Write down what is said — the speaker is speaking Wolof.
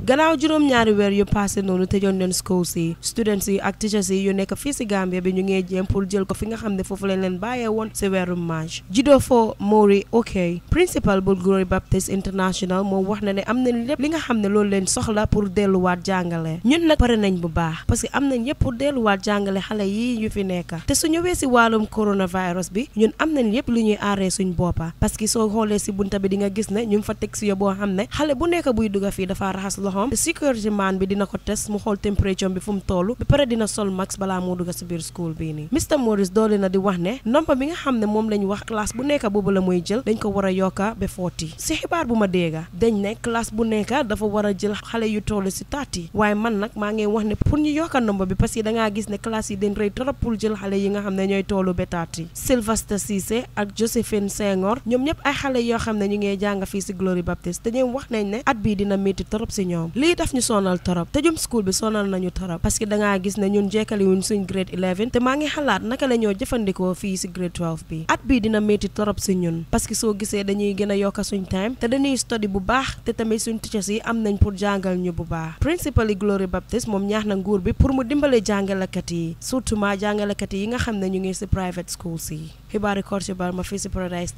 ganaw juróom ñaari weer yu passé noonu tëjoon len schools yi students yi ak teachers yi yu nekk fi si Gambia bi ñu ngi jëm pour jël ko fi nga xam fofu foofu leen leen won ci si weeru jido Jidofo Mori okay principal bu Glory Baptist International mo wax na ne am nañ lépp li nga xam loolu leen soxla pour wat jàngale ñun nak paré nañ bu baax parce que am nañ yëpp pour wat jàngale xalé yi yu fi nekk te su ñëwee si coronavirus bi ñun am nañ yëpp lu ñuy arrêté suñ bopa parce que so xolé si bunta bi di nga gis ne ñu fa tek ci yo bo xam ne bu nekk buy dugg fi dafa rahas loxoom sécurité man bi dina ko test mu xool température bi fu mu toll dina sol max balaa moo dugg si biir school bii nii Mr Morris doole na di wax ne nompa bi nga xam ne moom lañ wax classe bu nekk boobu la mooy jël dañ ko war a yokka ba footi si xibaar bu ma déega dañ ne classe bu nekk dafa war a jël xale yu toll si taati waaye man nag maa ngi wax ne pour ñu yokka nomba bi parce que dangaa gis ne classe yi dañ rëy trop jël xale yi nga ñoom ñëpp ay xale yoo xam ne ñu ngi jàng fii si Glory Baptist te ñoom wax nañ ne ñoom lii daf ñu sonal torop te jum school bi sonal nañu torop parce que dangaa gis ne ñun jekkali wuñ suñ grade 11 te maa ngi xalaat naka la ñoo jëfandikoo fii si grade 12 bi at bii dina métti torop si ñun parce que soo gisee dañuy gën a yokk suñ time te dañuy study bu baax te tamit suñ teachers yi am nañ pour jàngal ñu bu baax principally Glory Baptist moom ñaax na nguur bi pour mu dimbale jàngalekat yi surtout ma jàngalekat yi nga xam ne ñu ngi si private schools yi xibaari koor ci bal ma fii si Paradise